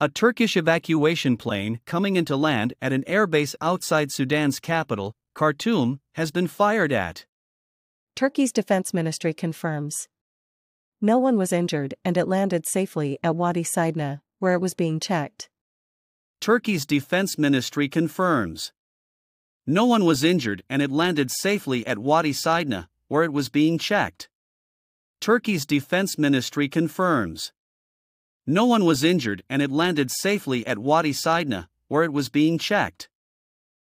A Turkish evacuation plane coming into land at an airbase outside Sudan's capital, Khartoum, has been fired at. Turkey's defense ministry confirms. No one was injured and it landed safely at Wadi Sidna, where it was being checked. Turkey's defense ministry confirms. No one was injured and it landed safely at Wadi Sidna, where it was being checked. Turkey's defense ministry confirms. No one was injured and it landed safely at Wadi Sidna, where it was being checked.